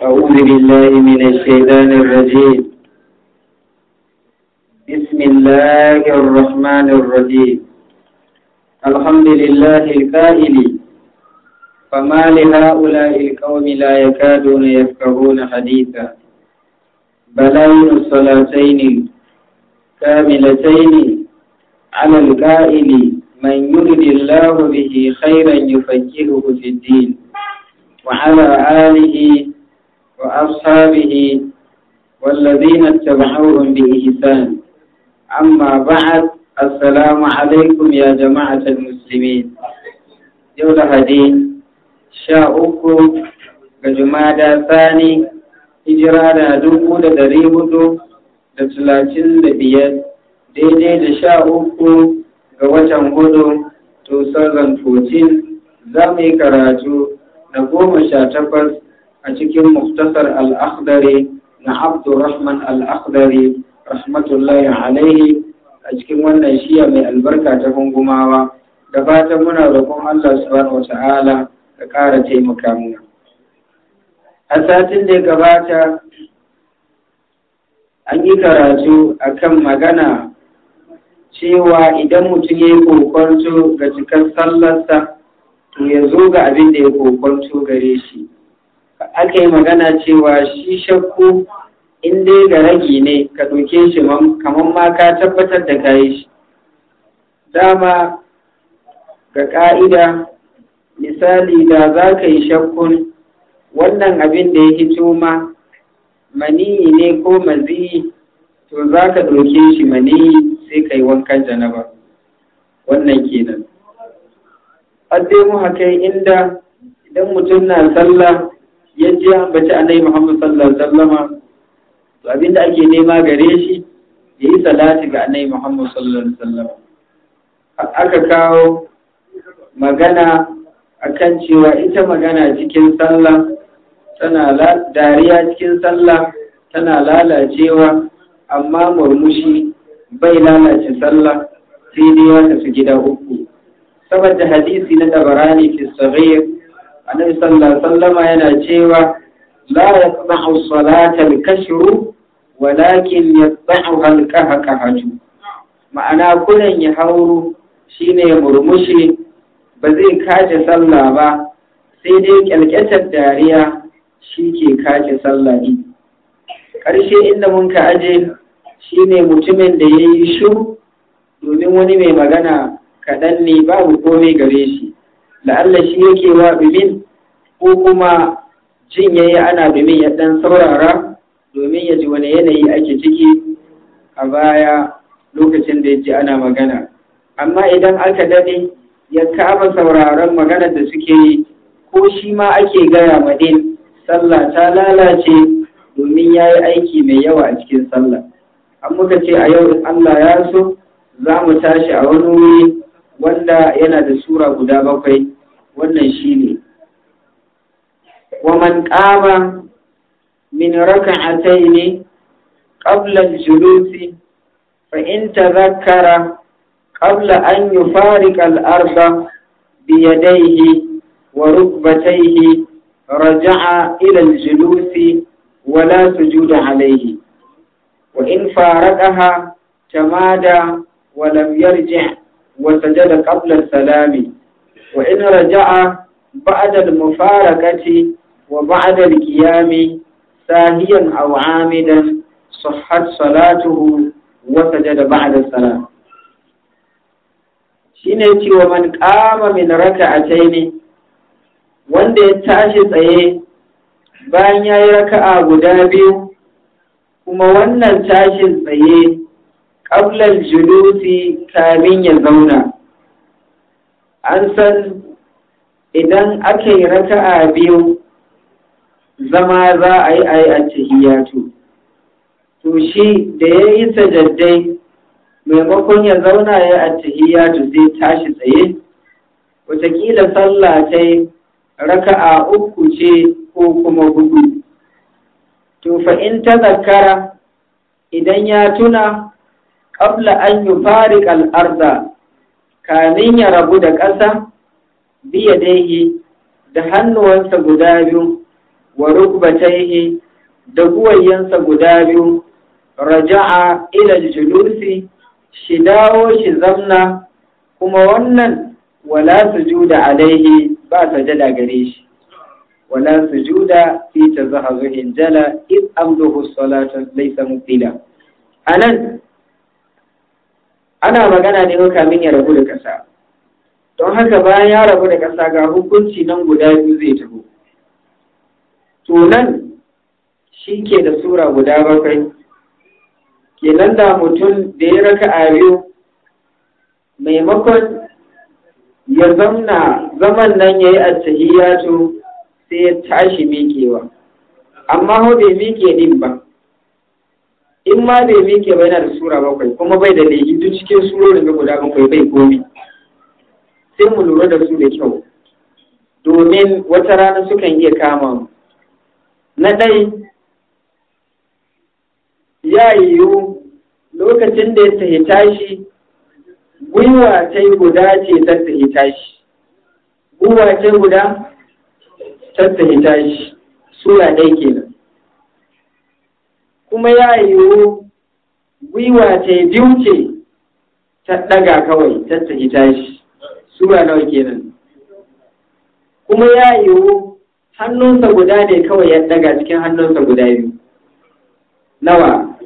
أعوذ بالله من الشيطان الرجيم بسم الله الرحمن الرحيم الحمد لله الكائل فما لهؤلاء القوم لا يكادون يفقهون حديثا بلاين الصلاتين كاملتين على الكائل من يرد الله به خيرا يفجره في الدين وعلى آله وأصحابه والذين اتبعوهم بإحسان أما بعد السلام عليكم يا جماعة المسلمين يوم هدين شاءكم جمادى ثاني hijira da dubu da dari hudu da talatin da biyar daidai da sha uku ga watan hudu 2014 za mu yi karatu da goma sha takwas a cikin muftasar al na abdurrahman al rahmatullahi alaihi a cikin wannan shiya mai albarka ta hungumawa da fatan muna roƙon Allah subhanahu wata'ala ka ƙara taimaka muna a satin da ya gabata an yi karatu a kan magana cewa idan mutum ya yi kokonto ga cikar sallarsa to ya zo ga abin da ya kokonto gare shi aka yi magana cewa shi shakku in dai ga ragi ne ka ɗauke shi kamar ma ka tabbatar da kayi shi dama ga ƙa'ida misali da za ka yi shakkun wannan abin da ya hito ma maniyi ne ko maziyi to za ka ɗauke shi maniyi sai ka yi wankan janaba wannan kenan. Adde mu haka inda idan mutum na sallah ji ya ambaci annabi Muhammad sallallahu alaihi wasallama to abinda ake nema gare shi ya yi salati ga annabi Muhammad sallallahu alaihi wasallama aka kawo magana akan cewa ita magana cikin sallah tana dariya cikin sallah tana lalacewa amma murmushi bai lalace sallah sai dai ya tafi gida uku saboda hadisi na tabarani fi sahih annabi sallallahu alaihi wasallam yana cewa la yaqba'u salatal kashru walakin yaqba'u al kahakahatu ma'ana kullun ya hauru shine murmushi ba zai kaje sallah ba sai dai kyalkyatar dariya shi ke kaje sallah ne ƙarshe inda mun ka aje shine mutumin da yayi yi shiru domin wani mai magana kaɗan ne babu komai gare shi la'alla shi yake wa bimin ko kuma jin yayi ana bimin ya dan saurara domin ya ji wani yanayi ake ciki a baya lokacin da ya ji ana magana amma idan aka dade ya kama sauraron maganar da suke yi ko shi ma ake gaya madin sallah ta lalace domin ya yi aiki mai yawa a cikin sallah an muka ce a yau Allah ya so za mu tashi a wani wuri wanda yana da sura guda bakwai wannan shi ne man ƙaba min raka'atai ne ƙabla julusi fa'in ta zakara ƙabla an yi farikal arba biyadaihi wa rukbataihi raja'a ilal julusi wala sujuda alaihi wa in farakaha tamada wa lam yarji' wa sajada ƙablan salami wa in raja'a ba'da al-mufarakati wa ba'adar al-qiyami sahiyan aw 'amidan sahhat salatuhu ba'adar sajada ba'da salam shine cewa man qama min raka'ataini wanda ya tashi tsaye bayan yayi raka'a guda biyu kuma wannan tashin tsaye qablal julusi kamin ya zauna an san idan ake yi raka'a biyu zama za a yi a yi attahiyatu to shi da ya yi sajaddai maimakon ya zauna ya yi cihiyatu zai tashi tsaye wataƙila sallah ta yi raka'a uku ce ko kuma hudu to fa in ta zakara idan ya tuna ƙabla an yi fari al'arda kamin ya rabu da ƙasa biya daihi da hannuwansa guda biyu wa rukbataihi da guwayensa guda biyu raja'a ila julusi shi dawo shi zamna kuma wannan wala sujuda alaihi ba sajada gare shi wala sujuda fi tazahuhin jala iz amduhu salatan laysa mutila anan ana magana ne kamin ya rabu da ƙasa don haka bayan ya rabu da ƙasa ga hukunci nan guda biyu zai taho to nan shi ke da sura guda bakwai kenan da mutum da ya raka a biyu maimakon ya zamna zaman nan ya yi to sai ya tashi miƙewa amma hau bai miƙe din ba in ma bai miƙe ba yana da sura bakwai kuma bai da laifi duk cikin surorin da guda bakwai bai komi sai mu lura da su da kyau domin wata rana sukan iya kama mu na ɗai ya yiwu lokacin da ya tahi tashi gwiwa ta yi guda ce ta tahi tashi gwiwa ta yi guda ta tahi tashi sura ɗai kenan kuma ya yiwu gwiwa ta yi ce ta ɗaga kawai ta tafi tashi sura nawa kenan kuma ya yiwu hannunsa guda ne kawai ya ɗaga cikin hannunsa guda biyu nawa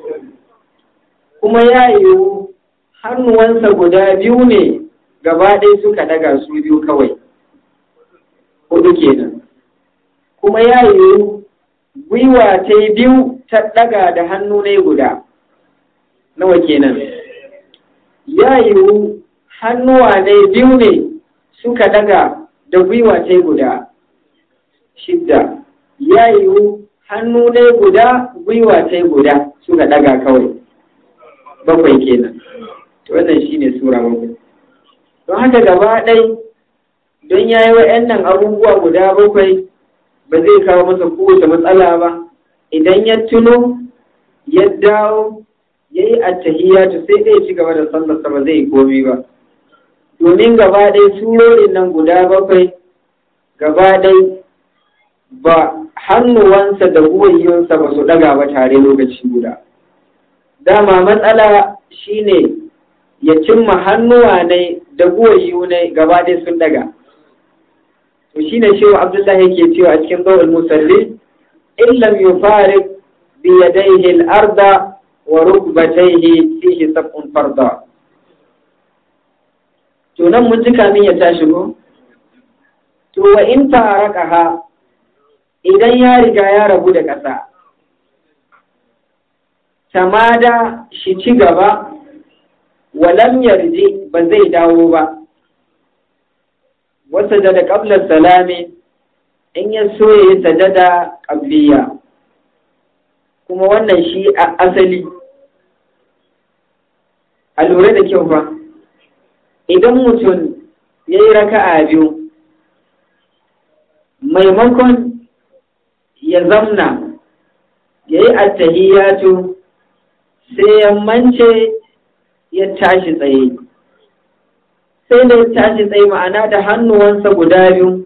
kuma ya yiwu hannuwansa guda biyu ne gaba ɗaya suka ɗaga su biyu kawai hudu kenan kuma ya yiwu gwiwa ta yi biyu ta ɗaga da hannu ne guda nawa kenan ya yiwu hannuwa ne biyu ne suka ɗaga da gwiwa ta guda shidda ya yiwu hannu ne guda gwiwa ta guda suka ɗaga kawai bakwai kenan to wannan ne sura bakwai don haka gaba ɗai don ya yi nan abubuwa guda bakwai ba zai kawo masa kowace matsala ba idan ya tuno ya dawo ya yi attahiyatu sai ɗaya ci gaba da sallar ba zai komi ba domin gaba ɗaya surorin nan guda bakwai gaba ɗaya ba hannuwansa da guwayyunsa ba su ɗaga ba tare lokaci guda dama matsala shine ya cimma hannuwa ne da guwayyu ne gaba ɗaya sun ɗaga to shine shehu abdullahi yake cewa a cikin zawul musallin in lam yufarik bi yadayhi al arda wa rukbatayhi fihi sab'un farda to nan mun ji kamin ya tashi ko to wa in ha idan ya riga ya rabu da ƙasa tamada shi ci gaba wa walam yarji ba zai dawo ba wasa da qabla salami in ya so ya yi sajada ƙabliya kuma wannan shi a asali a lura da kyau ba idan mutum ya yi raka'a biyu maimakon ya zamna ya yi attahiyatu sai ya mance ya tashi tsaye sai da ya tashi tsaye ma'ana da hannuwansa guda biyu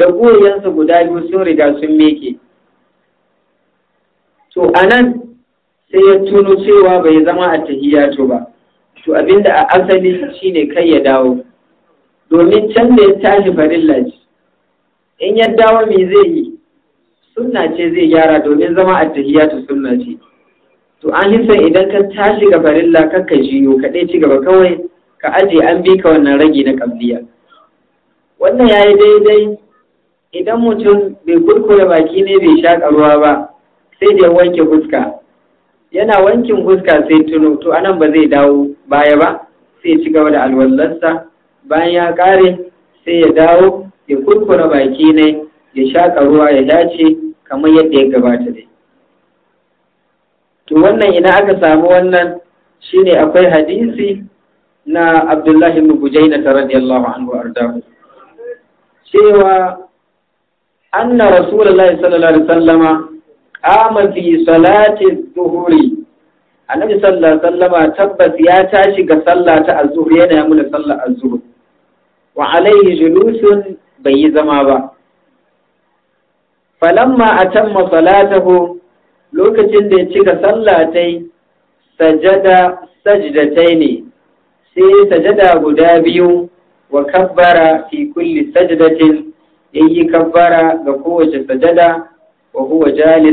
da goyensa guda biyu sun riga sun meke to a nan sai ya tuno cewa bai zama a tahiyatu ba to abinda a asali shine kai ya dawo domin can da ya tashi farilla ce in ya dawo me zai yi sunna ce zai gyara domin zama a tahiyatu sunna ce to an hisa idan ka tashi ga farilla kakka jiyo ka kaɗai, ci gaba kawai ka aje an bi ka wannan ragi na kabliya wannan yayi daidai idan mutum bai kurkure baki ne bai shaƙa ruwa ba sai da wanke fuska yana wankin fuska sai tuno to anan ba zai dawo baya ba sai ci gaba da alwallarsa bayan ya ƙare sai ya dawo ya kurkure baki ne ya shaƙa ruwa ya dace kamar yadda ya gabata dai to wannan ina aka samu wannan shine akwai hadisi na Abdullahi ibn Bujaina radiyallahu anhu arda cewa anna rasulullahi sallallahu alaihi wasallama qama fi salati dhuhri annabi sallallahu alaihi wasallama tabbas ya tashi ga sallah ta azhur yana yi mana sallar azhur wa alaihi julusun bai yi zama ba falamma atamma salatahu lokacin da ya cika sallah tai sajada sajdatai ne sai sajada guda biyu wa kabbara fi kulli sajdatin yi kabbara ga kowace sajada wa huwa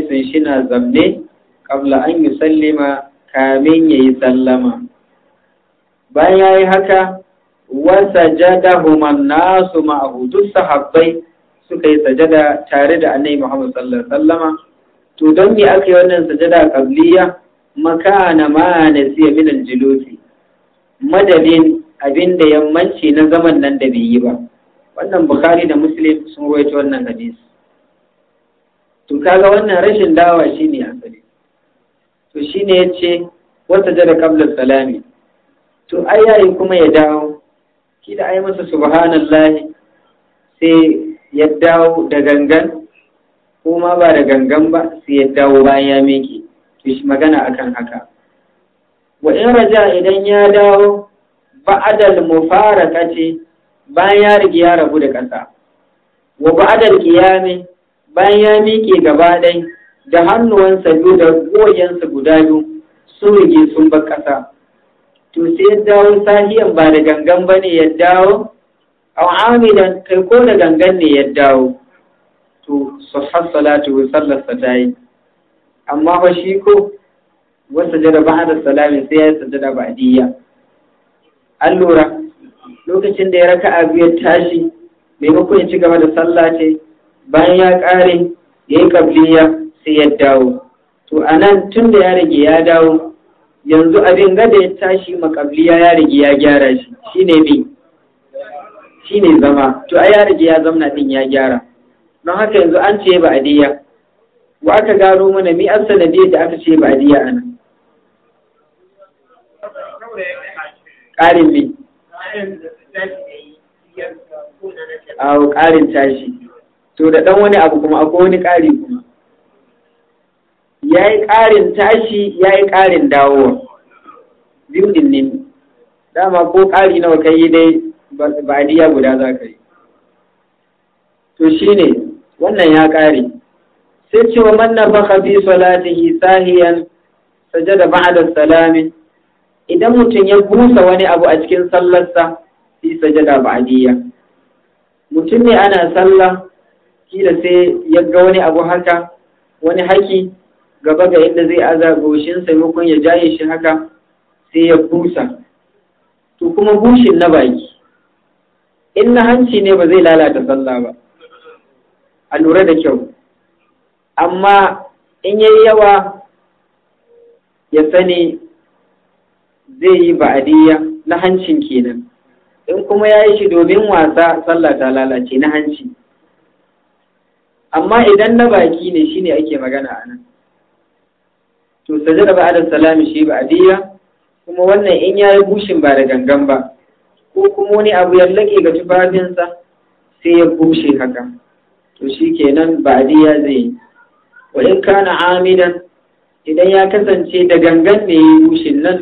shi shina zamne kabla an sallima kamin ya yi sallama bayan yi haka wasa jada man nasu ma'ahudu duk sahabbai suka yi sajada tare da annai Muhammad sallallahu alaihi to don me aka yi wannan sajada maka makana ma na siya al-julusi madadin abinda yammanci na zaman nan da bai yi ba wannan bukhari da muslim sun rawaito wannan hadisi to kaga wannan rashin dawa shine asali to shine yace wata jada kablar salami to ai yayi kuma ya dawo da ai masa subhanallah sai ya dawo da gangan ko ba da gangan ba sai ya dawo bayan ya miki. to shi magana akan haka wa in raja idan ya dawo ba'adal mufarakati bayan ya rigi ya rabu da ƙasa wa ba'adal qiyami bayan ya miƙe gaba ɗai da hannuwansa biyu da goyensa guda biyu sun rige sun bar ƙasa to sai ya dawo sahiyan ba da gangan ba ne ya dawo aw amilan kai ko da gangan ne ya dawo to sahha salatu wa sallarsa ta yi amma fa shi ko wasu jada ba da salami sai ya sajada ba'diyya an lura lokacin da ya raka a biyar tashi maimakon ya ci gaba da sallah ce bayan ya ƙare ya yi kabliya sai ya dawo to a nan tun da ya rage ya dawo yanzu abin gada ya tashi makabliya ya rage ya gyara shi shine bi ne zama to a ya rage ya zamna din ya gyara don haka yanzu an ce ba adiya wa aka gano mana mi an sanadiyar da aka ce ba adiya anan ƙarin bi. a ƙarin tashi to da ɗan wani abu kuma akwai wani ƙari kuma ya yi ƙarin tashi ya yi ƙarin dawowa biyu ɗin ne dama ko ƙari nawa ka yi dai ba'adiyya guda za ka yi to shi ne wannan ya ƙare sai ce wa ba ka fi salatihi sahiyan sajada ba'da salamin idan mutum ya busa wani abu a cikin sallarsa sai sajada ba'diyya mutum ne ana sallah kila sai ya ga wani abu haka wani haki gaba ga inda zai aza goshin ya jaye shi haka sai ya busa to kuma bushin na baki in na hanci ne ba zai lalata sallah ba a lura da kyau amma in yayi yawa ya sani zai yi ba'adiyya na hancin kenan in kuma ya yi shi domin wasa sallah ta lalace na hanci amma idan na baki ne shine ake magana a nan to sajada ba da salami shi ba'adiyya kuma wannan in ya yi gushin ba da gangan ba ko kuma wani abu ya ga tufafinsa sai ya gushe haka to shi kenan ba'adiyya zai yi wa in kana amidan idan ya kasance da gangan ne ya yi gushin nan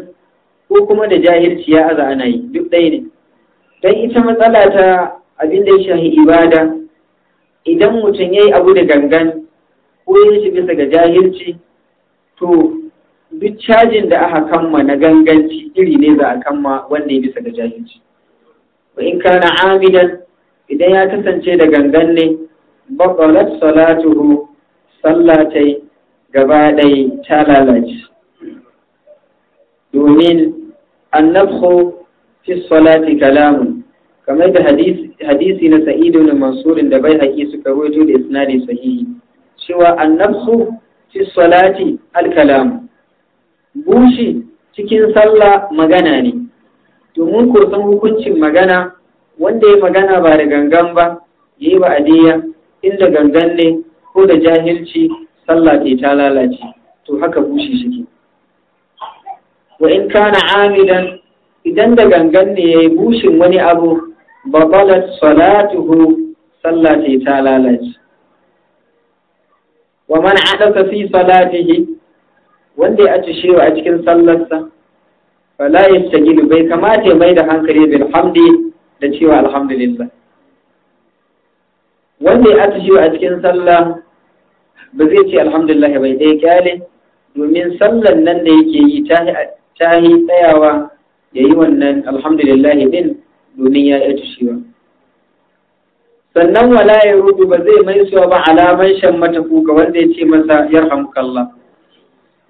ko kuma da jahilci ya aza ana yi duk ɗaya ne don ita matsala ta abin da ya shahi ibada idan mutum ya yi abu da gangan ko ya shi bisa ga jahilci to duk cajin da aka kamma na ganganci iri ne za a kamma wanda ya bisa ga jahilci wa in kana amidan idan ya kasance da gangan ne salatu salatuhu sallatai gaba ɗaya ta lalace domin annabhu fi salati kalamun kamar da hadisi na sa'idu na mansurin da bai haƙi suka rawaito da isnadi sahihi cewa annabsu fi salati alkalam bushi cikin sallah magana ne domin kusan hukuncin magana wanda ya magana ba da gangan ba ya yi ba'adiyya inda gangan ne ko da jahilci sallah ke ta lalace to haka bushi shi ke wa in kana amilan idan da gangan ne yi bushin wani abu babalat salatuhu sallati ta lalace wa man hadasa fi salatihi wanda ya ci shewa a cikin sallarsa fala yastajibu bai kamata ya mai da hankali bil hamdi da cewa alhamdulillah wanda ya ci shewa a cikin sallah ba zai ce alhamdulillah bai dai kyale domin sallan nan da yake yi ta ta yi tsayawa ya yi wannan alhamdulillah din domin ya yi ba. sannan wala ya rubu ba zai mai suwa ba alaman shan mata kuka wanda ya ce masa yarhamukallah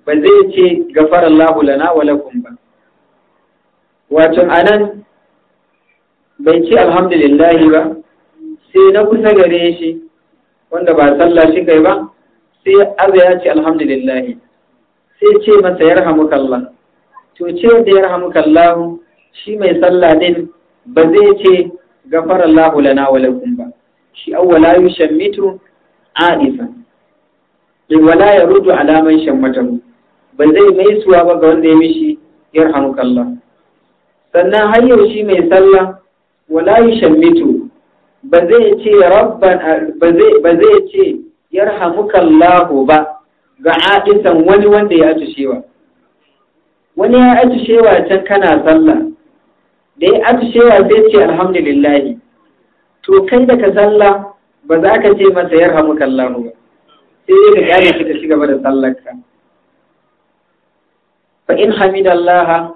ba zai ce gafar Allah lana wa lakum ba wato anan bai ce alhamdulillah ba sai na kusa gare shi wanda ba sallah shi kai ba sai arza ya ce alhamdulillah sai ce masa kalla to ce da ya rahamukallahu shi mai sallah din ba zai ce gafarallahu lana wa lakum ba shi awwala yushammitu aifa in wala ya rudu alaman shammatahu ba zai mai suwa ba ga wanda ya mishi yarhamukallah sannan hanyar shi mai sallah wala yushammitu ba zai ce rabban ba zai ba zai ce yarhamukallahu ba ga aisan wani wanda ya atushewa wani ya aji shewa can kana sallah da ya aji shewa sai ce alhamdulillahi to kai da ka sallah ba za ka ce masa kallon ba sai dai ka gane shi ka shi gaba da sallarka fa in Allah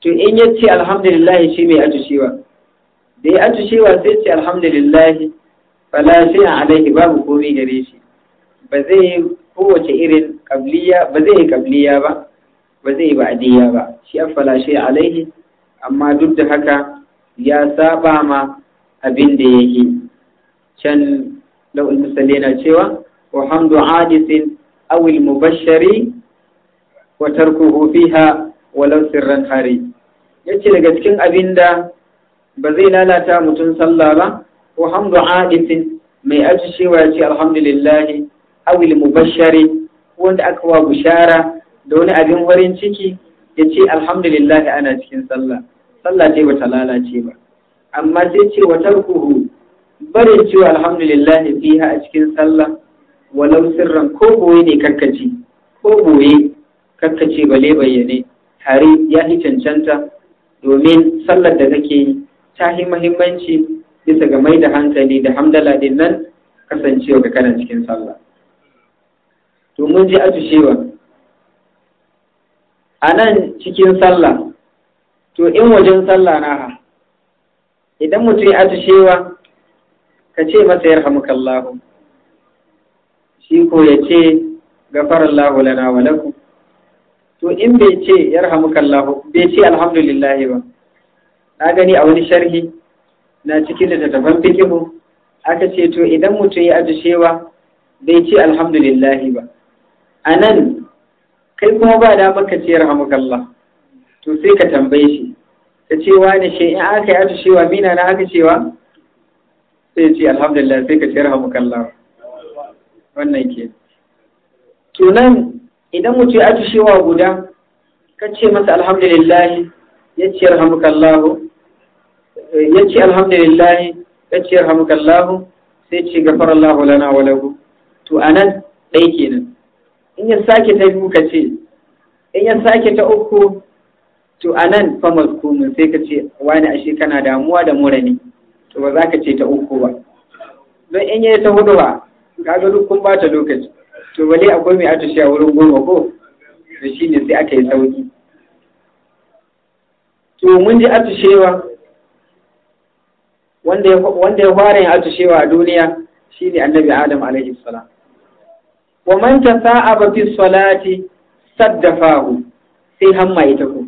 to in ce alhamdulillah shi mai shewa da ya shewa sai ce alhamdulillah fala na alaihi babu komai gare shi ba zai kowace irin kabliya ba zai yi kabliya ba ba zai ba adiya ba shi afala shi alaihi amma duk da haka ya saba ma abin da yake can lawul musalli na cewa wa hamdu hadisin awil mubashshari wa tarkuhu fiha walau sirran hari yace daga cikin abinda ba zai lalata mutum sallah ba wa hamdu adisin, mai aji cewa ya ce alhamdulillah awil mubashshari wanda aka wa bishara da wani abin farin ciki ya ce alhamdulillah ana cikin sallah sallah ce ba ta lalace ba amma sai ce wa tarkuhu barin cewa alhamdulillah fiha a cikin sallah walau sirran ko boye ne karkace ko boye karkace bale bayyane tare ya yi cancanta domin sallar da kake yi ta yi mahimmanci bisa ga mai da hankali da hamdala din nan kasancewa ga kana cikin sallah to mun ji a nan cikin sallah to in wajen sallah na ha idan mutum ya atushewa ka ce masa yarhamukallahu shi ko ya ce gafarallahu lana wa lakum to in bai ce yarhamukallahu bai ce alhamdulillah ba na gani a wani sharhi na cikin littattafan fikihu aka ce to idan mutum ya atushewa bai ce alhamdulillah ba a nan kai kuma ba damar ka ce rahamakallah to sai ka tambaye shi ta ce wa ne shi in aka yi aka cewa mina na aka cewa sai ce alhamdulillah sai ka ce rahamakallah wannan ke to nan idan mu ce aka cewa guda ka ce masa alhamdulillah ya ce rahamakallah ya ce alhamdulillah ya ce rahamakallah sai ce gafarallahu lana wa lahu to anan ɗai kenan in ya sake ta biyu ka ce in ya sake ta uku to a nan fa mazkumin sai ka ce wani ashe kana damuwa da mura ne to ba za ka ce ta uku ba don in ya ta hudu ba ga duk kun ba ta lokaci to bale akwai mai atushe a wurin goma ko shi ne sai aka yi sauki to mun ji atushewa wanda ya fara yin atushewa a duniya shine annabi adam alaihi salam wa man ba fi salati saddafahu sai hamma ita ko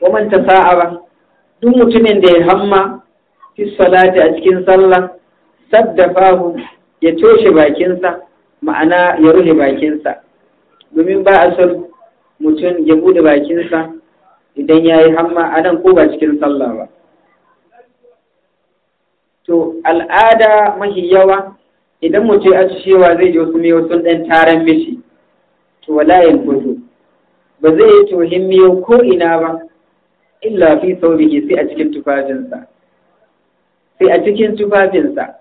wa man ba duk mutumin da ya hamma fi salati a cikin sallah saddafahu ya toshe bakinsa ma'ana ya rufe bakinsa domin ba a son mutum ya bude bakinsa idan ya yi hamma a nan ko ba cikin sallah ba to al'ada mahi yawa idan mu ce a shewa zai je wasu miyo sun ɗan taron mishi to walayin fito ba zai yi tohin miyo ko ina ba illa fi saurihi sai a cikin tufafinsa sai a cikin tufafinsa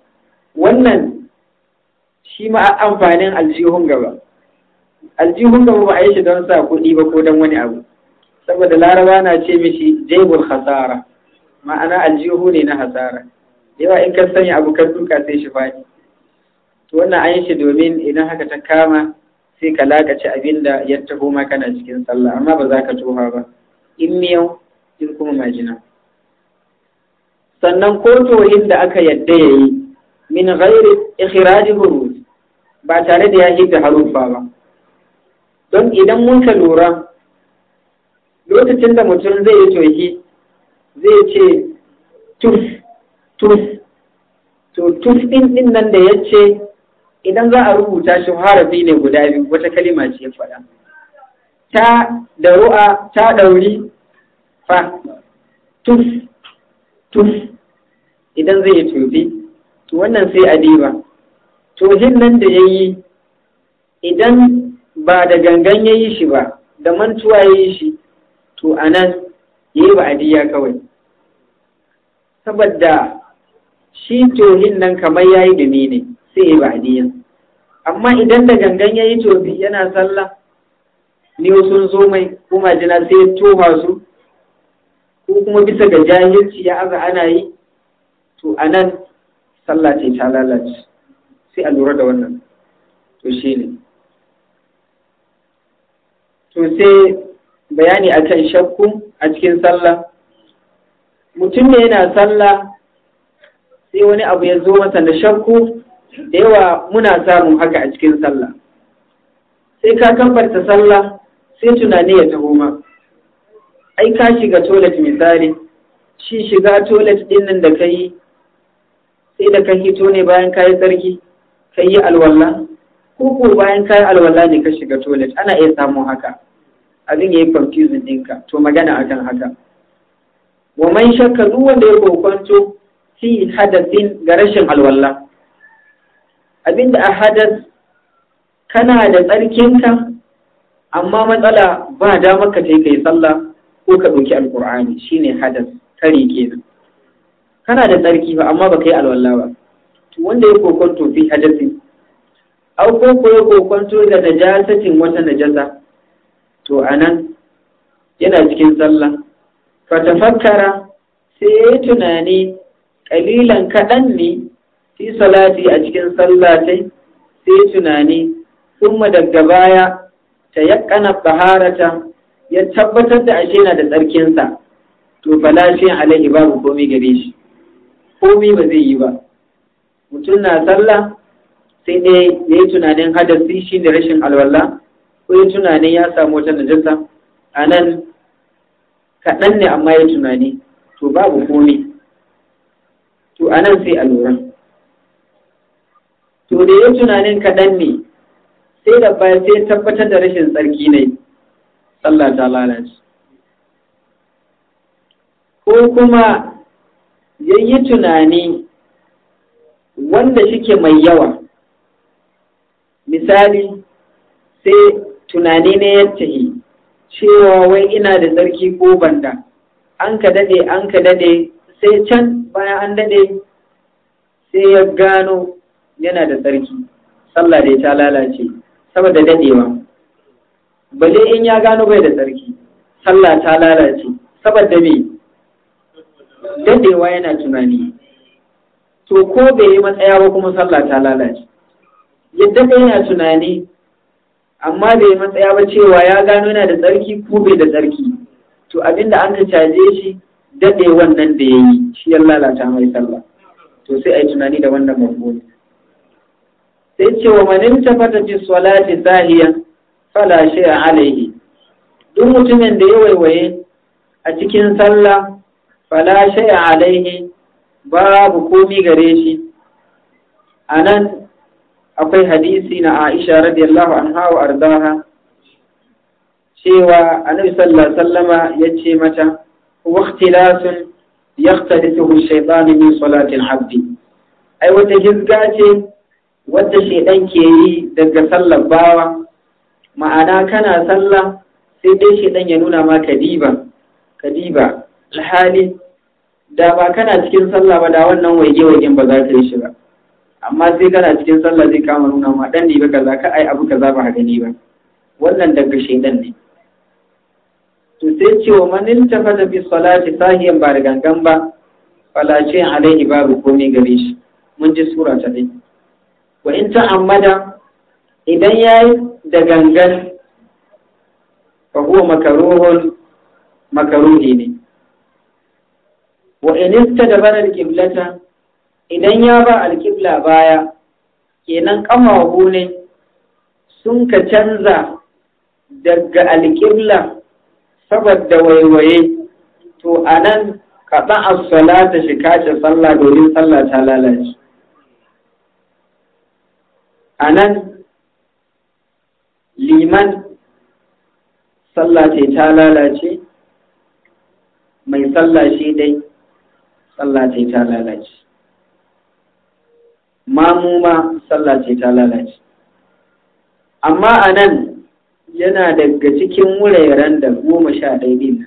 wannan shi ma amfanin aljihun gaba aljihun gaba ba a yi shi don sa kuɗi ba ko don wani abu saboda laraba na ce mishi jaibul hasara ma'ana aljihu ne na hasara yawa in ka sanya abu ka duka sai shi faɗi to wannan an yi shi domin idan haka ta kama sai ka lagace abin da ya taho ma kana cikin sallah amma ba za ka toha ba in miyau in kuma majina sannan ko toyin da aka yadda ya yi min ghairi ikhiraji huruf ba tare da ya da harufa ba don idan mun ka lura lokacin da mutum zai yi toki zai ce tuf tuf to tuf din din nan da ya ce idan za a rubuta shi harafi ne guda biyu wata kalima ce ya faɗa ta da ru'a ta ɗauri fa tuf tuf idan zai tufi to wannan sai a diba jin nan da ya yi idan ba da gangan ya yi shi ba da mantuwa ya yi shi to a nan ya yi ba'adiyya kawai saboda shi tohin nan kamar ya yi dumi ne sai ya yi amma idan da gangan ya yi tofi yana sallah ne sun zo mai kuma jina sai ya su ko kuma bisa ga jahilci ya aza ana yi to a nan sallah ce ta lalace sai a lura da wannan to shi ne to sai bayani akan shakku a cikin sallah mutum ne yana sallah sai wani abu ya zo masa da shakku da yawa muna samun haka a cikin sallah sai ka kambarta sallah sai tunani ya taho ma ai ka shiga toilet misali shi shiga toilet din nan da kai sai da ka hito ne bayan kayi sarki kai yi alwala ko ko bayan kayi alwala ne ka shiga toilet ana iya samun haka abin yayi confusing ɗinka to magana akan haka wa man shakka duk wanda ya kokwanto fi hadathin ga rashin alwala abinda a hadas kana da tsarkinka amma matsala ba damar ka kai kai sallah ko ka ɗauki alƙur'ani shine hadas tare nan. kana da tsarki ba amma ba kai alwallah ba to wanda ya kokonto fi hadasi au ko ko ya kokonto da najasatin wata najasa to anan yana cikin sallah fa tafakkara sai tunani kalilan kaɗan ne fi salati a cikin sallatai sai tunani kuma daga baya ta yakana baharata ya tabbatar da ashe na da tsarkinsa to fala shi alaihi babu komai gare shi komai ba zai yi ba mutum na sallah sai ne ya yi tunanin hadasi shi ne rashin alwala ko ya tunanin ya samu wata najasa a nan kaɗan ne amma ya tunani to babu komai to a nan sai a lura to da ya tunanin kaɗan ne sai da baya sai tabbatar da rashin tsarki ne sallah ta lalace ko kuma ya yi tunani wanda shike mai yawa misali sai tunani ne ya tahi cewa wai ina da tsarki ko banda an ka dade an ka dade sai can bayan an daɗe, sai ya gano yana da tsarki sallah da ta lalace saboda dadewa bale in ya gano bai da tsarki sallah ta lalace saboda me dadewa yana tunani to ko bai yi matsaya ba kuma sallah ta lalace yadda kai yana tunani amma bai matsaya ba cewa ya gano yana da tsarki ko bai da tsarki to abinda an ka caje shi dadewan nan da ya yi shi ya lalata mai sallah to sai a yi tunani da wannan mafhumi sai ce wa manin tafata fi salati sahiyan fala shay'a alaihi duk mutumin da ya waiwaye a cikin sallah fala shay'a alaihi babu komi gare shi anan akwai hadisi na Aisha radiyallahu anha wa ardaha cewa Annabi sallallahu alaihi wasallama yace mata waqtilasun yaqtadihu ash-shaytanu min salati al-'abd ai wata gizga ce wadda shaidan ke yi daga sallar bawa ma'ana kana sallah sai dai shaidan ya nuna ma kadiba kadiba alhali da ba kana cikin sallah ba da wannan waige waigen ba za ka yi shi ba amma sai kana cikin sallah zai kama nuna ma dan ba kaza ka ai abu kaza ba gani ba wannan daga shaidan ne to sai ce wa manin tafata fi salati sahiyan ba da gangan ba falace alaihi babu komai gare shi mun ji sura ta dai wa in ta'ammada idan yayi da gangan fa huwa makruhun makruhi ne wa in istadbara al-qiblata idan ya ba al-qibla baya kenan kamahu ne sun ka canza daga al-qibla saboda waiwaye to anan kaɗa as-salata shi kace sallah domin sallah ta lalace anan liman sallah ce ta lalace mai sallah shi dai sallah ce ta lalace mamuma sallah ce ta lalace amma a yana daga cikin wuraren da goma sha ɗaya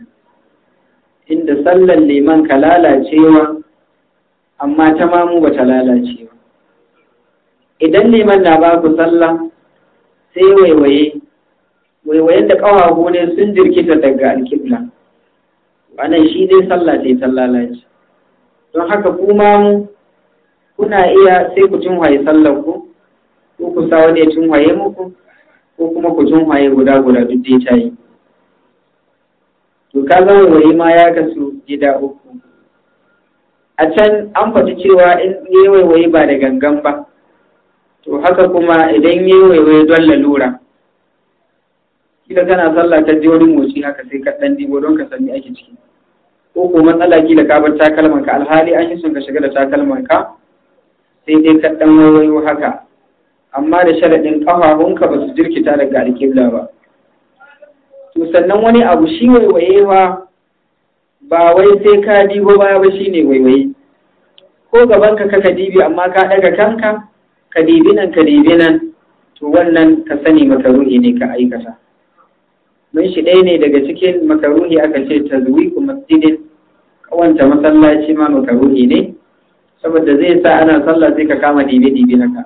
inda sallar liman ka lalacewa amma ta mamu ba ta lalacewa idan neman na ba ku sallah sai waiwaye waiwayen da ƙawahu ne sun jirkita daga alkibla wannan shi dai sallah ce lalace. don haka kuma mu kuna iya sai ku waye sallar ku ko ku sa wani cin waye muku ko kuma ku waye guda guda duk dai ta yi to ka zama waye ma ya kasu gida uku a can an faɗi cewa in yi waiwaye ba da gangan ba to haka kuma idan yi waiwai don lalura kila kana sallah ta ji wani moci haka sai ka dan dibo don ka san me ake ciki ko ko matsala kila ka bar takalman ka alhali an yi son ka shiga da takalman ka sai dai ka dan waiwayo haka amma da sharadin kafafunka ba su jirkita daga alƙibla ba to sannan wani abu shi waiwayewa ba wai sai ka dibo baya ba shine waiwaye ko gaban ka kaka dibi amma ka daga kanka ka dibi nan ka dibi nan to wannan ka sani makaruhi ne ka aikata mun shi ɗaya ne daga cikin makaruhi aka ce ku masjidin kawanta masallaci ma makaruhi ne saboda zai sa ana sallah sai ka kama dibe dibe ka,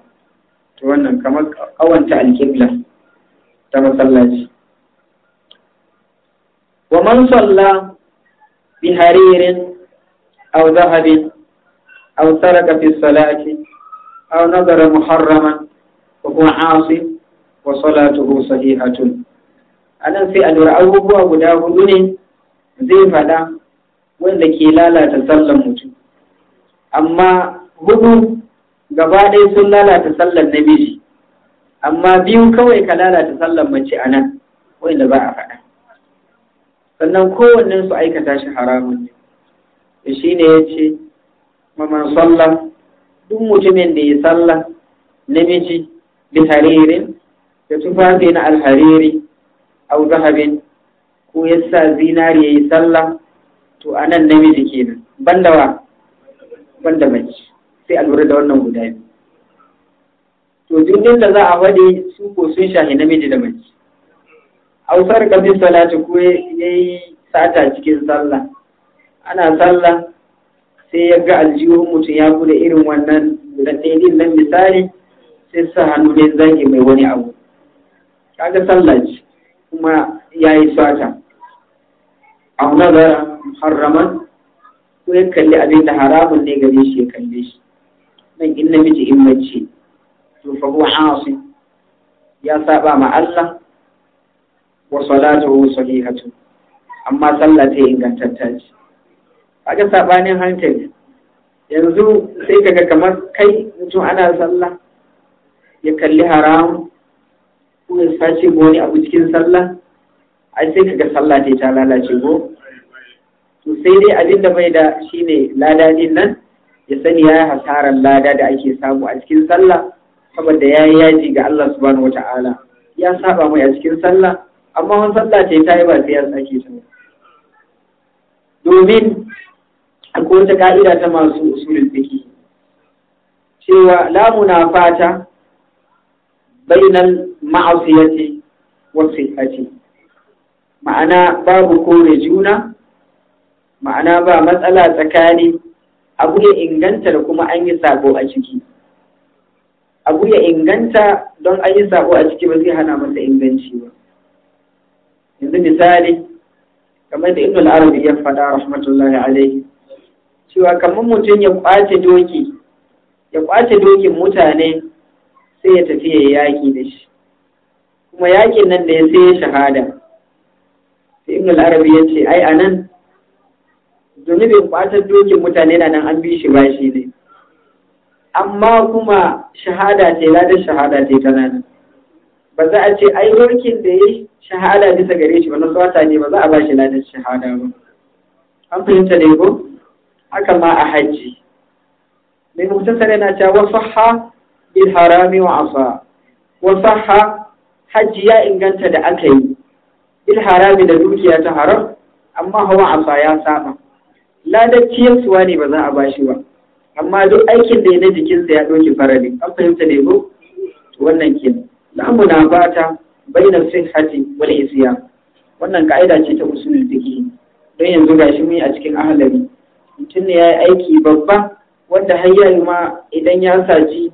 to wannan kamar kawanta alƙibla ta masallaci wa man salla bi haririn aw dhahabin aw saraka fi salati أو نذر محرما وهو عاص وصلاته صحيحة anan sai a lura abubuwa guda hudu ne zai faɗa wanda ke lalata sallan mutum amma hudu gaba ɗaya sun lalata sallan namiji amma biyu kawai ka lalata sallar mace a nan wanda ba a faɗa sannan kowannen su aikata shi haramun ne shi ne ya ce maman sallan duk mutumin da ya sallah namiji bi haririn da tufafi na alhariri au zahabin ko ya sa zinari ya yi sallah to a nan namiji kenan da wa ban da mace sai a lura da wannan guda biyu to jirgin da za a faɗi su ko sun shahi namiji da mace hausar kafin salatu ko ya yi sata cikin sallah ana sallah sai ya ga aljihun mutum ya bude irin wannan daɗaɗin nan misali sai sa hannu ne zage mai wani abu kaga sallah kuma ya yi sata a nazara harraman ko ya kalli abin da haramun ne gare shi ya kalle shi nan in miji in mace to fa huwa ya saba ma Allah wa salatuhu sahihatu amma sallah ta ingantatta ce a ga sabanin hankali yanzu sai kaga kamar kai mutum ana sallah ya kalli haram ko ya sace wani abu cikin sallah ai sai kaga sallah ta ta lalace ko to sai dai abin da bai da shine lada din nan ya sani ya yi hasarar lada da ake samu a cikin sallah saboda ya yi yaji ga Allah subhanahu wata'ala ya saba mai a cikin sallah amma wani sallah ce ta yi ba sai ya sake ta domin akwai wata ka'ida ta masu usulin fiki cewa la fata bainan ma'asiyati wa sihhati ma'ana babu kore juna ma'ana ba matsala tsakani abu ya inganta da kuma an yi sabo a ciki abu ya inganta don an yi sabo a ciki ba zai hana masa inganci ba yanzu misali kamar da inda al-arabi ya faɗa rahmatullahi alaihi cewa kamar mutum ya kwace doki ya kwace dokin mutane sai ya tafi ya yaƙi da shi kuma yaƙin nan da ya sai ya shahada sai ibn arabi ya ce ai anan zunubin kwace dokin mutane na nan an bi shi bashi ne amma kuma shahada ce ladar shahada ce ta nan ba za a ce ai dokin da ya shahada bisa gare shi ba na tsawata ne ba za a ba shi ladar shahada ba an fahimta ne ko haka ma a hajji mai muktasar yana cewa wasu ha bil harami wa afa wasu ha hajji ya inganta da aka yi bil harami da dukiya ta haram amma hawa afa ya saba ladar ciyarsuwa ne ba za a bashi ba amma duk aikin da ya na jikinsa ya ɗauki farali an fahimta ne ko wannan ke, kenan lamuna bata baina sihhati wani isiya. wannan ka'ida ce ta musulun jiki don yanzu ga shi mu a cikin ahalari mutum ne ya yi aiki babba wanda har yau ma idan ya saji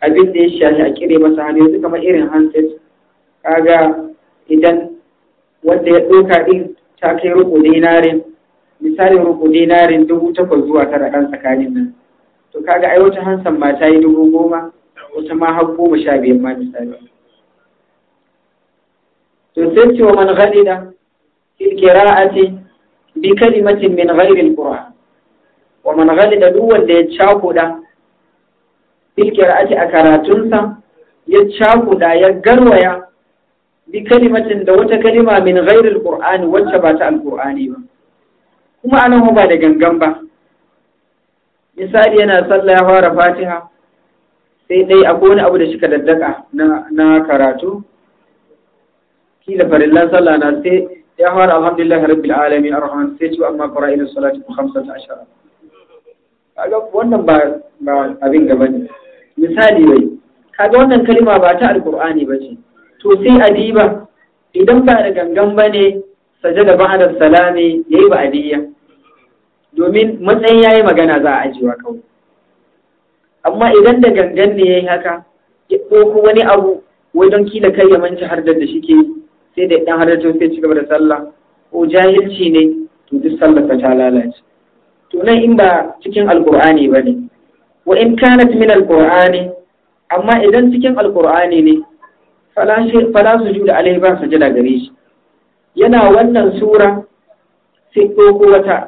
abin da ya shafi a kire masa hannu yanzu kamar irin handset kaga idan wanda ya ɗauka ɗin ta kai rubu dinarin misalin rubu dinarin dubu takwas zuwa tara ɗan tsakanin nan to kaga ai wata hansan ma ta yi dubu goma wata ma har goma sha biyar ma misali to sai ce wa man ghalida fil qira'ati bi kalimatin min ghairi al-qur'an wa man da duk wanda ya cakuda bil qira'ati a karatun sa ya cakuda ya garwaya bi kalimatin da wata kalima min ghairil qur'ani wacce ba ta alqur'ani ba kuma anan ba da gangan ba misali yana sallah ya fara fatiha sai dai akwai wani abu da shi ka daddaka na karatu Ki da farillan sallah na sai ya fara alhamdulillah rabbil alamin arrahman sai ci amma fara'ilus salati 15 kaga wannan ba ba abin gaba ne misali bai kaga wannan kalma ba ta alqur'ani ba ce to sai adiba idan ba da gangan ba ne sajada ba'da salami yayi ba adiya domin matsayin yayi magana za a ajiwa kawai amma idan da gangan ne yayi haka ko wani abu wai don kila kai ya manci hardar da shi ke sai da dan hardar sai ci gaba da sallah ko jahilci ne to duk sallar ta lalace to nan in ba cikin alkur'ani ba ne wa in kanat min alkur'ani amma idan cikin alkur'ani ne fala su juda alai ba su jira gare shi yana wannan sura sai ɗauko wata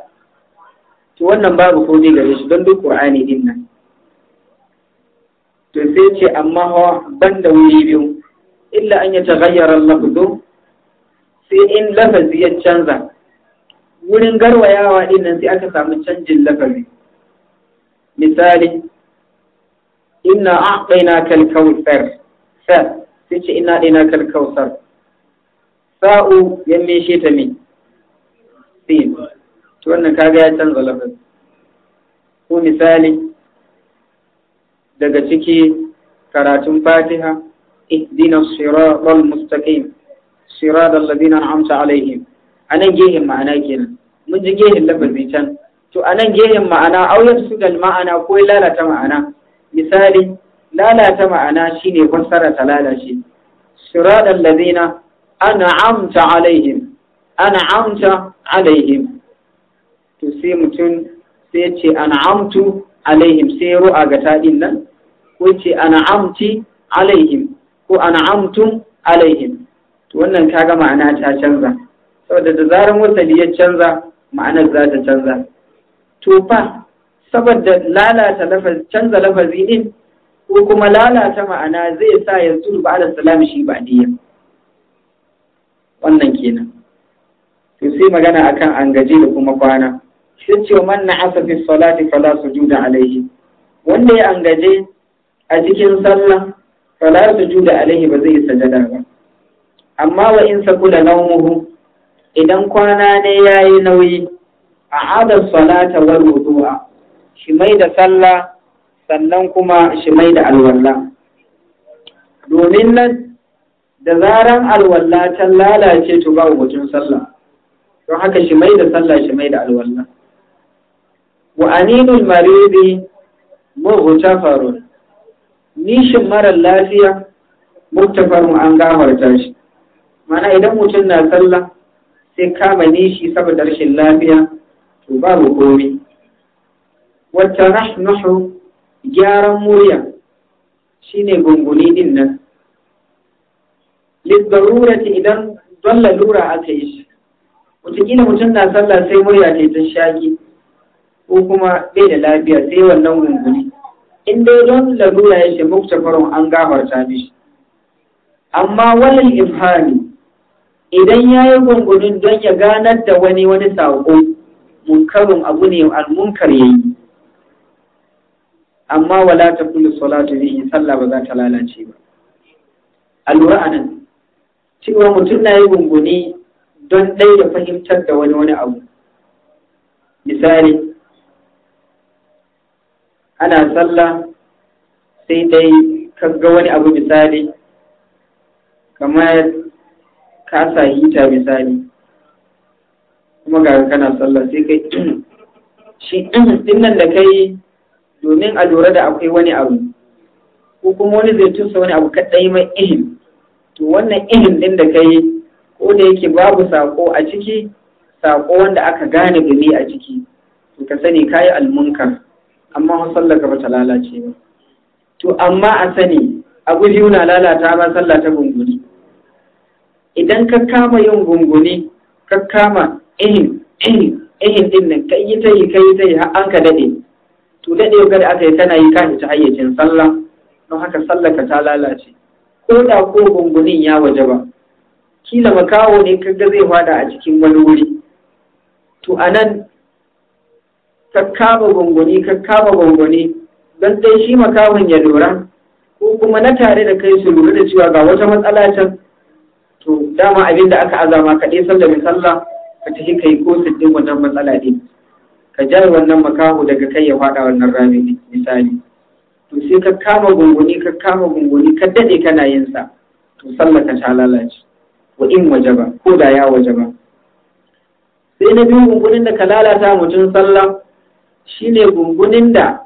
to wannan babu ko zai gare shi don duk qur'ani din nan to sai ce amma hawa ban wuri biyu illa an ya tagayyara lafzu sai in lafazi ya canza wurin garwayawa din nan sai aka samu canjin lafazi misali inna a'tayna kal kautsar sa sai ce inna a'tayna kal kautsar sa'u ya meshe ta me sin to wannan kaga ya canza lafazi ko misali daga ciki karatun fatiha ihdina siratal mustaqim siratal ladina an'amta alaihim anan gehin ma'ana kenan mun ji gehen lafazi can to a nan gehen ma'ana auyar su ma'ana ko lalata ma'ana misali lalata ma'ana shine fassara ta lalace siratal ladina amta alaihim amta alaihim to sai mutum sai ce ana amtu alaihim sai ru'a ga taɗin nan ko ce ana amti alaihim ko ana amtu alaihim to wannan kaga ma'ana ta canza saboda da zaran wasali ya canza ma'anar za ta canza to fa saboda lalata lafazi canza lafazi din ko kuma lalata ma'ana zai sa ya zuru ba da salam shi ba diya wannan kenan to sai magana akan an gaji da kuma kwana sai ce man na asafin salati fala juda alaihi wanda ya angaje a cikin sallah fala juda alaihi ba zai sajada ba amma wa in sakula naumuhu idan kwana ne ya yi nauyi a adar salata wa rudu'a shi mai da sallah sannan kuma shi mai da alwalla domin nan da zaran alwalla ta lalace to ba wajen sallah don haka shi mai da sallah shi mai da alwallah wa aninul maridi mughtafarun nishin marar lafiya muktafarun an gafarta shi mana idan mutum na sallah sai kama nishi saboda rashin lafiya to babu komai wata rahnahu gyaran murya shine gunguni din nan lidarurati idan don lalura aka yi shi wataƙila mutum na sallah sai murya ta ta shaki ko kuma bai da lafiya sai wannan gunguni in dai don lalura ya shi an gafarta mishi amma walal ifhami idan ya yi gungunin don ya ganar da wani wani saƙo munkarin abu ne almunkar ya yi amma wala ta ta salatu yi sallah ba za ta lalace ba a lura a nan cewa mutum na yi gunguni don ɗaya da fahimtar da wani wani abu misali ana sallah sai dai kaga wani abu misali kamar ka sa hita misali kuma ga kana sallah sai kai shi din nan da kai domin a lura da akwai wani abu ko kuma wani zai tusa wani abu kaɗai mai ihim to wannan ihim ɗin da kai ko da yake babu sako a ciki sako wanda aka gane gumi a ciki to ka sani kayi almunkar amma sallar ka bata lalace ba to amma a sani abu biyu na lalata ba sallah ta gunguri idan ka kama yin gungune ka kama ihin ihin ihin din nan ka yi ta yi ka yi ta yi an ka daɗe to daɗe ga da aka yi kana yi kan ta hayyacin sallah don haka sallaka ta lalace ko da ko gungunin ya waje ba kila makawo ne kaga zai fada a cikin wani wuri to anan ka kama gungune ka kama gungune don dai shi makawon ya lura ko kuma na tare da kai su lura da cewa ga wata matsala can to dama abin da aka azama ka ɗesar da mai sallah ka tafi kai ko sittin wannan matsala ne ka jar wannan makaho daga kai ya faɗa wannan rami misali to sai ka kama gunguni ka kama gunguni ka daɗe kana yin sa to sallah ka ta lalace wa in ba. ko da ya ba sai na biyu gungunin da ka lalata mutum sallah shine gungunin da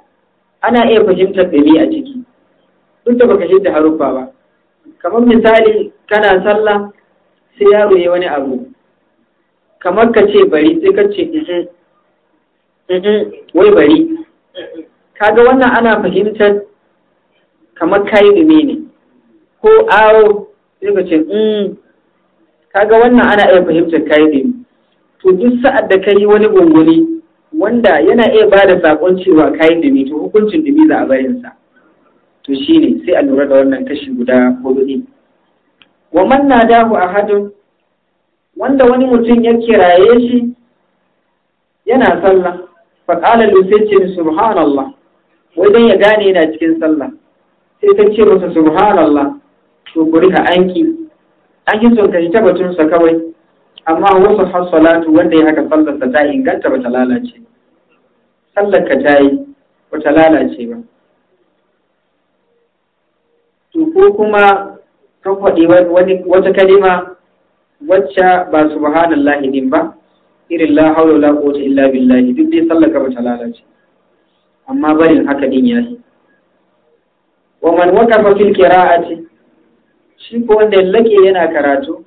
ana iya fahimtar ɗari a ciki duk da baka shidda haruffa ba kamar misali kana sallah sai yaro ya wani abu kamar ka ce bari sai ka ce wai bari kaga wannan ana fahimtar kamar kayi dume ne ko awo sai ka ce mm. kaga wannan ana iya fahimtar kayi dume to duk sa'ad da kai wani gunguni wanda yana iya ba da sakon cewa kayi dume to hukuncin dume za a bayansa, to shine sai a lura da wannan kashi guda hudu wa man nadahu ahadun wanda wani mutum ya kiraye shi yana sallah fa qala sai ce subhanallah wai dan ya gane yana cikin sallah sai ta ce masa subhanallah to bari ka anki an yi son kai tabbatun sa kawai amma wasu Salatu wanda ya haka sallar ta inganta ba ta lalace sallar ka ta yi ba ta lalace ba to ko kuma sun faɗi wata kalima wacce ba su subhanallah din ba irin la haula wala quwwata illa billahi duk dai sallaka ba ta lalace amma barin haka din yayi wa man waqafa fil qira'ati shi ko wanda lake yana karatu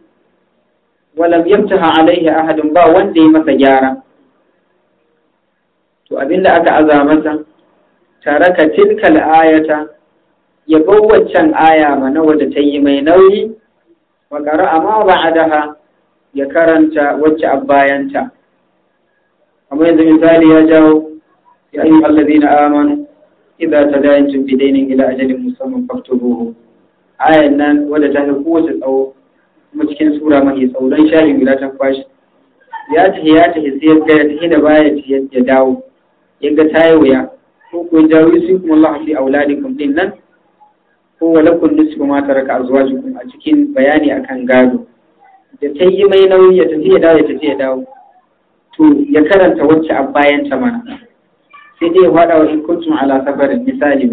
walam yamtaha alaihi ahadun ba wanda ya masa gyara to abinda aka aza masa ka tilkal ayata ya bar waccan aya mana wadda ta yi mai nauyi wa ba ma daha ya karanta wacce a bayanta amma yanzu misali ya jawo ya ayyuha na amanu ta dayan tadayantum bidaynin ila ajalin musamman faktubuhu ayan nan wadda ta fi kowace tsawo kuma cikin sura mafi tsawo don shafin gida ta kwashi ya tafi ya ta sai ya ga ya tafi da baya ya dawo ya ga ta yi wuya ko ko jawo su kuma Allah fi auladikum din nan ko walakun su ma taraka azwajukum a cikin bayani akan gado da ta yi mai nauyi ya tafi ya dawo ya tafi ya dawo to ya karanta wacce a bayan ta mana sai dai ya faɗa wa in kuntum ala safarin misali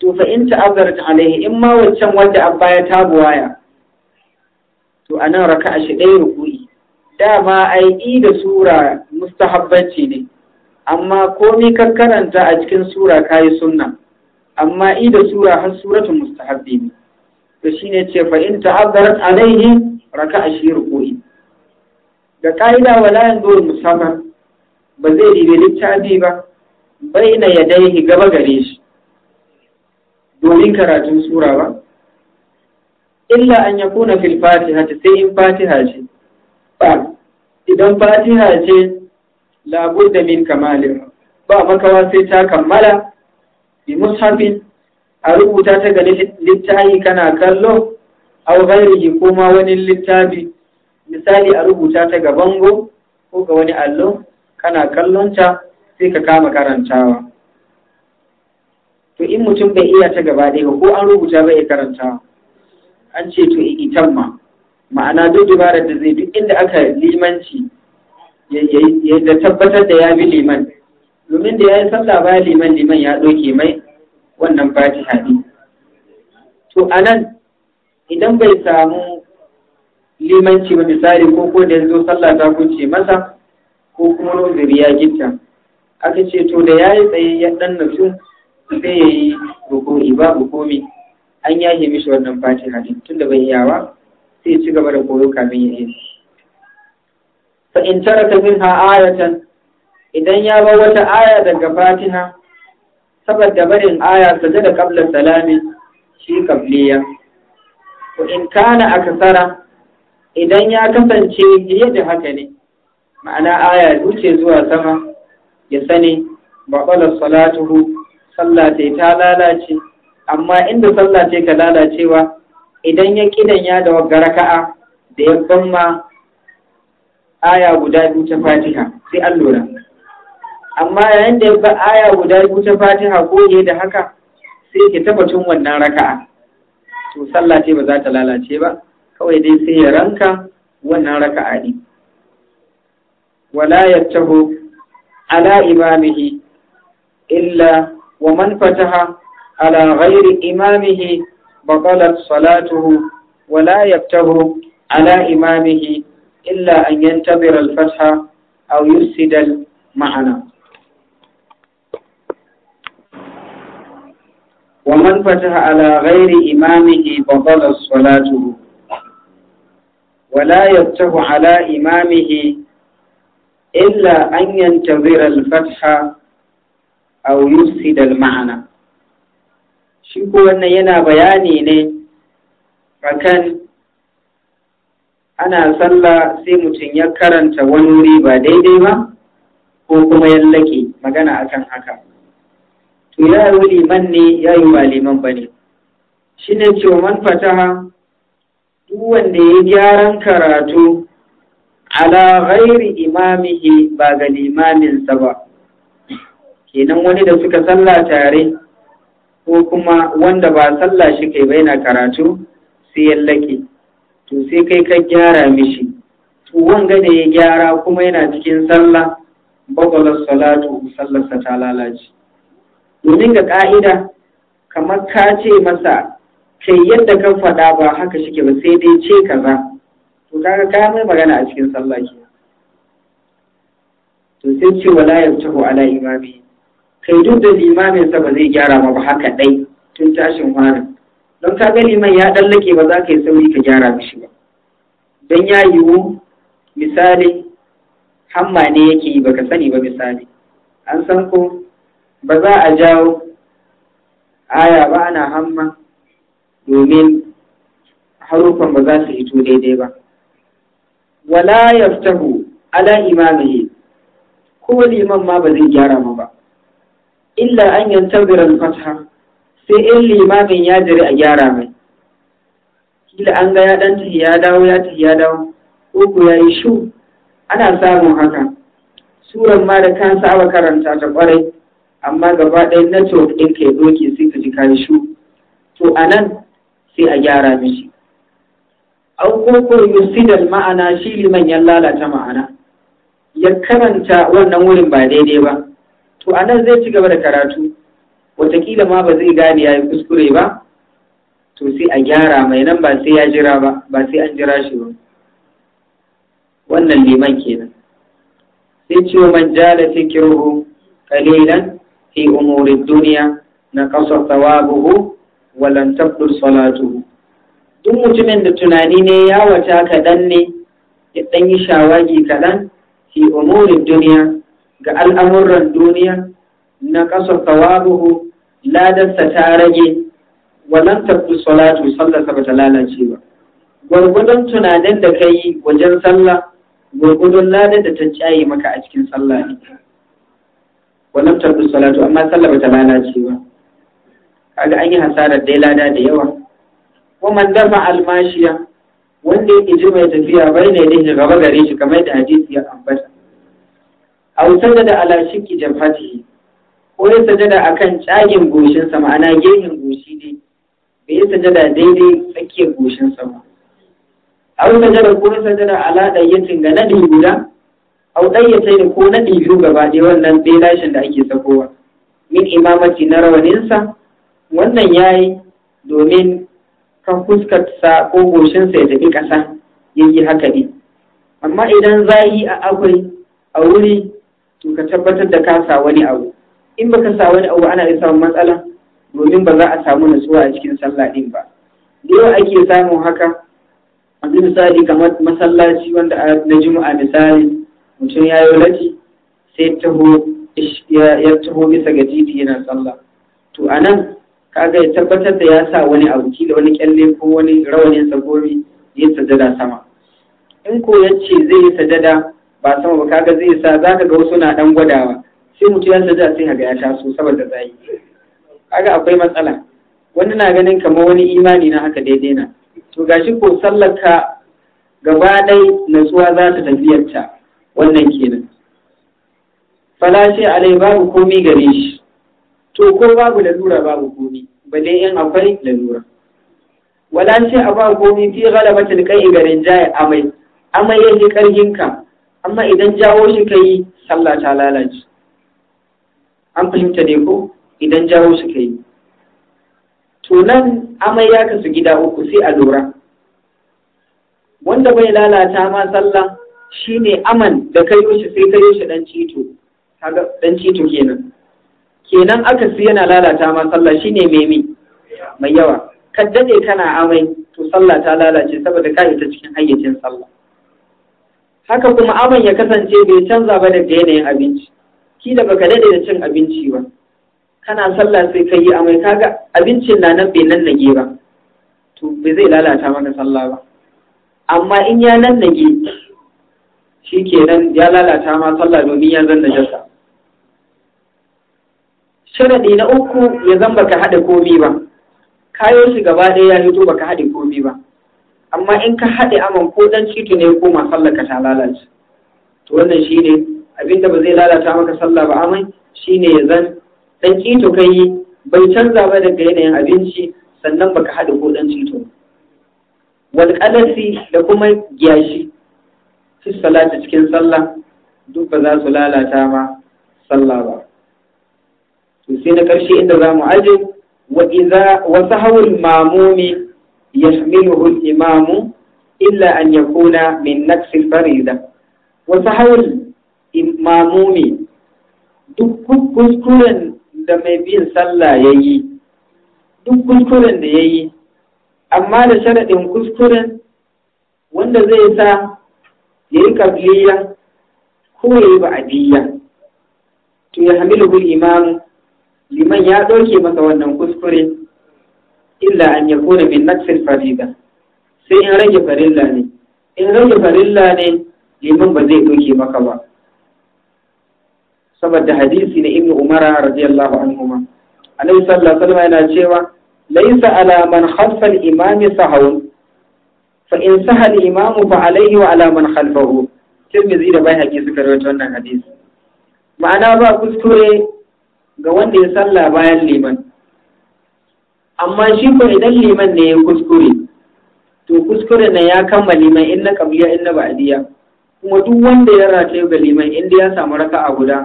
to fa in ta'azzarat alaihi in ma waccan wanda a baya ta buwaya to anan a shi ɗaya ruku'i dama ai da sura mustahabbanci ne amma komi ka karanta a cikin sura kayi sunna amma ida sura har suratul mustahabbi ne to shine ce fa in raka alaihi raka shi ko'i ga ka'ida wala yanzu musamman ba zai ribe littafi ba bai na yadaihi gaba gare shi domin karatun sura ba illa an ya fil fatiha ta sai in fatiha ce ba idan fatiha ce labudda min kamalin ba makawa sai ta kammala bi mushafin a rubuta ta ga littafi kana kallo aw ghairihi ko wani littafi misali a rubuta ta ga bango ko ga wani allo kana kallonta sai ka kama karantawa to in mutum bai iya ta gaba ɗaya ko an rubuta bai karantawa an ce to itamma ma'ana duk dubarar da zai duk inda aka limanci ya tabbatar da ya bi liman domin da ya yi sallah ba liman liman ya ɗauke mai wannan fati haɗi, to a nan idan bai samu limanci ba misali ko ko da ya zo sallah ta kuce masa ko kuma nuzuri ya gitta aka ce to da ya yi tsaye ya ɗan nasu sai ya yi rukuni ba komi an yahe mishi wannan fatiha ne tunda bai yawa sai ci gaba da koyo kafin ya yi fa in taraka minha ayatan idan ya ba wata aya daga fatina saboda barin aya da kabla salami shi kabliya ko in kana akasara idan ya kasance fiye da haka ne ma'ana aya duce zuwa sama ya sani baɓalar salatuhu sallata ta lalace amma inda sallace ka lalacewa idan ya kidan ya da raka'a da ya ma aya guda biyu ta fatiha sai an lura amma yayin da ya ba aya guda biyu ta fatiha ko da haka sai ke tabbacin wannan raka'a to sallah ce ba za ta lalace ba kawai dai sai ya ranka wannan raka'a ne wala yattahu ala imamihi illa wa man fataha ala ghairi imamihi batalat salatuhu wala yattahu ala imamihi illa an yantabira al-fatha aw yufsida al-ma'ana ومن فتح على غير إمامه بطل صلاته ولا يفتح على إمامه إلا أن ينتظر الفتح أو يفسد المعنى شكو أن ينا بياني لي فكان أنا صلى sai يكرن تولي بديدي ما wuri ba daidai ba ko kuma ila wuri liman ne ya yi ba liman ba ne shi ne ce man fataha duk wanda ya gyaran karatu ala ghairi imamihi ba ga limaminsa ba kenan wani da suka salla tare ko kuma wanda ba salla shi kai ba yana karatu sai ya to sai kai ka gyara mishi to wanga da ya gyara kuma yana cikin sallah bagwalar salatu sallarsa ta lalace domin ga ƙa'ida kamar ka ce masa kai yadda kan faɗa ba haka ke ba sai dai ce kaza to kaga ka mai magana a cikin sallah ke to sai ce wala yartahu ala imami kai duk da limamin sa ba zai gyara ma ba haka dai tun tashin wani don ka ga liman ya dallake ba za ka yi sauri ka gyara mishi ba don ya yiwu misali hamma ne yake yi baka sani ba misali an san ko ba za a jawo aya ba ana hamma domin harufan ba za su hito daidai ba wala taho, ala imamihi ko liman ma ba zai gyara ma ba illa an yi al-fatha sai in limamin ya jiri a gyara mai kila an ga ya dan ya dawo ya tahi ya dawo ko ya yi shu ana samun haka suran ma da kansa saba karanta ta kwarai amma gaba ɗaya network ɗin ka yi doke sai ka ji kayi shu to a nan sai a gyara mishi an koko yusidal ma'ana shi liman ya lalata ma'ana ya karanta wannan wurin ba daidai ba to a nan zai ci gaba da karatu watakila ma ba zai gane ya yi kuskure ba to sai a gyara mai nan ba sai ya jira ba ba sai an jira shi ba wannan liman kenan sai ciwo man jala fikirhu kalilan umuri duniya na نقص ثوابه ولن تقبل صلاته duk mutumin da tunani ne ya wata kaɗan ne ya ɗan yi shawagi kaɗan fi umurin duniya ga al'amuran duniya na ƙasa tawabuhu ladarsa ta rage walan tafi salatu sallarsa ta lalace ba gwargwadon tunanin da ka yi wajen sallah gwargwadon ladar da ta cayi maka a cikin sallah ne wannan tarbi salatu amma sallah bata lalace ba kaga an yi hasarar dai lada da yawa ko man dafa almashiya wanda ya ji mai tafiya bai ne dai gaba gare shi kamar da hadisi ya ambata aw sajada ala shiki jabhatihi ko ya sajada akan tsagin goshin sa ma'ana gehin goshi dai bai sajada daidai tsakiyar goshin sa ba aw sajada ko sajada ala dayyatin ga nadi guda au ya sai da ko na biyu gaba ɗaya wannan ɗaya lashin da ake sakowa min imamati na rawaninsa wannan ya yi domin kan fuskarsa ko goshinsa ya tafi ƙasa ya yi haka ne amma idan za a akwai a wuri to ka tabbatar da ka sa wani abu in baka sa wani abu ana isa matsala domin ba za a samu nutsuwa a cikin sallah din ba da yawa ake samun haka a misali kamar masallaci wanda na juma'a misali mutum ya yi lati sai ya taho bisa ga titi yana sallah to a nan kaga ya tabbatar da ya sa wani abu da wani kyalle ko wani rawanin sagori ya sajada sama in ko ya ce zai yi sajada ba sama ba kaga zai sa za ka ga wasu na dan gwadawa sai mutum ya sajada sai kaga ya taso saboda zai kaga akwai matsala wani na ganin kamar wani imani na haka daidai na to gashi ko sallar ka gaba ɗai natsuwa za ta tafiyarta wannan kenan fala ce alai babu komi gare shi to ko babu lalura babu komi balle in akwai lalura wala ce a babu komi fi galabatil kai garin jaya amai amai yake karhin ka amma idan jawo shi kai sallah ta lalace an fahimta ne ko idan jawo shi kai to nan amai ya kasu gida uku sai a lura wanda bai lalata ma sallah shi ne aman da kai mishi sai yi shi dan cito kaga dan cito kenan kenan aka su yana lalata ma sallah shine mai mai yawa ka dade kana amai to sallah ta lalace saboda ka ta cikin hayyacin sallah haka kuma aman ya kasance bai canza ba da yanayin abinci ki da baka dade da cin abinci ba kana sallah sai ka yi amai kaga abincin na nan bai nan nage ba to bai zai lalata maka sallah ba amma in ya nan nage shi kenan ya lalata ma sallah domin ya zan najasa sharadi na uku ya zan baka haɗa komi ba kayo shi gaba ɗaya ya hito baka hada komi ba amma in ka haɗe aman ko dan cito ne ko ma sallah ka ta lalace to wannan shine abinda ba zai lalata maka sallah ba amai shine ya zan dan cito kai bai canza ba daga yanayin abinci sannan baka haɗa ko dan cito wal da kuma gyashi fi salati cikin sallah duk ba za su lalata ma sallah ba to sai na ƙarshe inda za mu aje wa idza wa sahawul mamumi yahmiluhu al-imamu illa an yakuna min naqsil farida wa sahawul mamumi duk kuskuren da mai bin sallah yayi duk kuskuren da yayi amma da sharaɗin kuskuren wanda zai sa ya yi kabliya ko ya yi ba'adiyya to ya hamilu imam liman ya ɗauke masa wannan kuskure illa an yakuna min naqsil farida sai in rage farilla ne in rage farilla ne liman ba zai ɗauke maka ba saboda hadisi na ibnu Umar radiyallahu ma annabi sallallahu alaihi wasallam yana cewa laysa ala man khaffa al-imam sahawun fa in saha al-imam fa alayhi wa ala man khalfahu zai da baihaqi suka rawaito wannan hadisi ma'ana ba kuskure ga wanda ya salla bayan liman amma shi ko idan liman ne ya kuskure to kuskure na ya kama liman in na kabliya in na ba'diya kuma duk wanda ya rataye ga liman inda ya samu a guda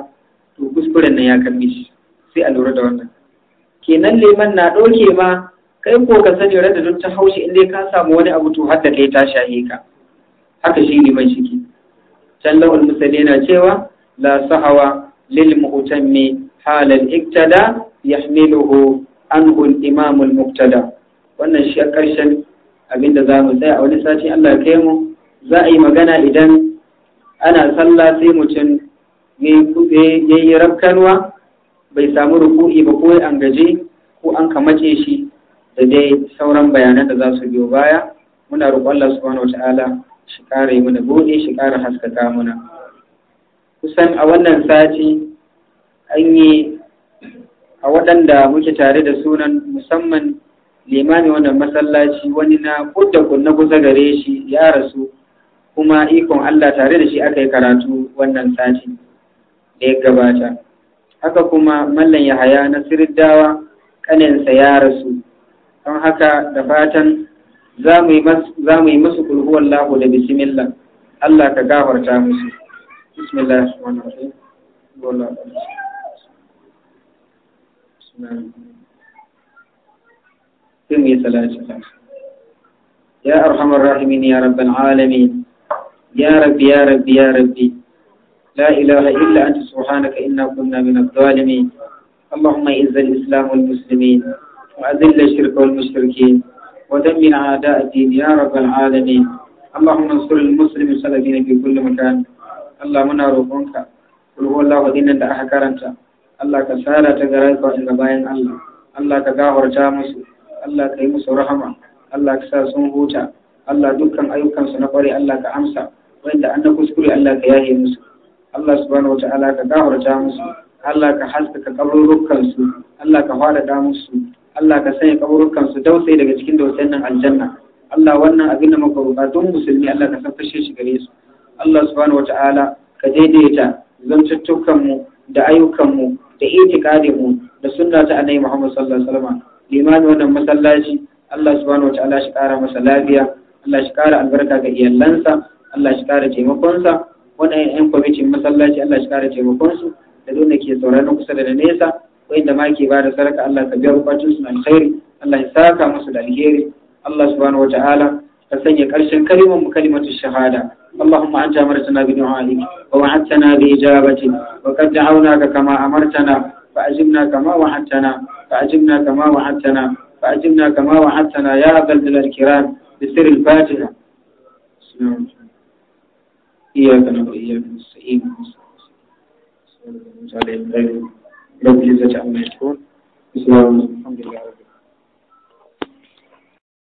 to kuskure na ya kammala shi sai a lura da wannan kenan liman na ɗauke ma kai ko ka sani rada duk ta haushi in dai ka samu wani abu to har da kai ta shahe ka haka shi ne mai shiki can lawan misali yana cewa la sahawa lil muhtammi halal iktada yahmiluhu anhu al imam al muqtada wannan shi a karshen abinda za mu tsaya a wani sati Allah kai mu za a yi magana idan ana sallah sai mutum ya yi rafkanwa bai samu ruku'i ba ko an gaje ko an kamace shi da dai sauran bayanan da za su biyo baya muna roƙon Allah subhanahu wata'ala shi ƙara yi mana buɗe shi ƙara haskaka muna kusan a wannan sati an yi a waɗanda muke tare da sunan musamman limami wannan masallaci wani na kudda kunna kusa gare shi ya rasu kuma ikon Allah tare da shi aka yi karatu wannan sati da ya gabata haka kuma mallan yahaya na siriddawa kaninsa ya rasu don haka da fatan za mu yi musu kulhuwan lahu da bismillah Allah ka gafarta musu bismillah rahman rahim sai mu yi salati ya arhamar rahimin ya rabbal alamin ya rabbi ya rabbi ya rabbi لا إله إلا أنت سبحانك إنا كنا من الظالمين اللهم إذ الإسلام والمسلمين وأذل الشرك والمشركين ودمر أعداء الدين يا رب العالمين اللهم انصر المسلم السلفين في كل مكان اللهم نروقك قل هو الله دين da aka karanta Allah ka sara ta garai ko inda bayan Allah Allah ka gafarta musu Allah ka yi musu rahama Allah sa sun huta Allah dukkan ayyukansu na kware Allah ka amsa wanda an na kuskure Allah ka yahe musu Allah subhanahu wataala ka gafarta musu Allah ka haskaka Allah ka fara da musu Allah ka sanya kaburukan su dausayi daga cikin dausayin nan aljanna Allah wannan abin da muka roƙa don musulmi Allah ka san fashe shi gare su Allah subhanahu wataala ka daidaita zantuttukan mu da ayyukan mu da itiqadin mu da sunna ta annabi Muhammad sallallahu alaihi wasallam wannan masallaci Allah subhanahu wataala shi ƙara masa lafiya Allah shi ƙara albarka ga iyalansa Allah shi ƙara taimakonsa wannan 'yan kwamitin masallaci Allah shi ƙara taimakonsu da dole ke tsoron kusa da nesa wanda ma ke da sadaka Allah ka biya bukatun su alkhairi Allah ya saka musu da alheri Allah subhanahu wataala ka sanya karshen kalimar mu kalimatu shahada اللهم أنت أمرتنا بدعائك ووعدتنا بإجابتك وقد دعوناك كما أمرتنا فأجبنا كما وعدتنا فأجبنا كما وعدتنا فأجبنا كما وعدتنا يا ذا الكرام بسر الفاتحة إياك نعبد وإياك نستعين lebih saja amin pun. Bismillahirrahmanirrahim.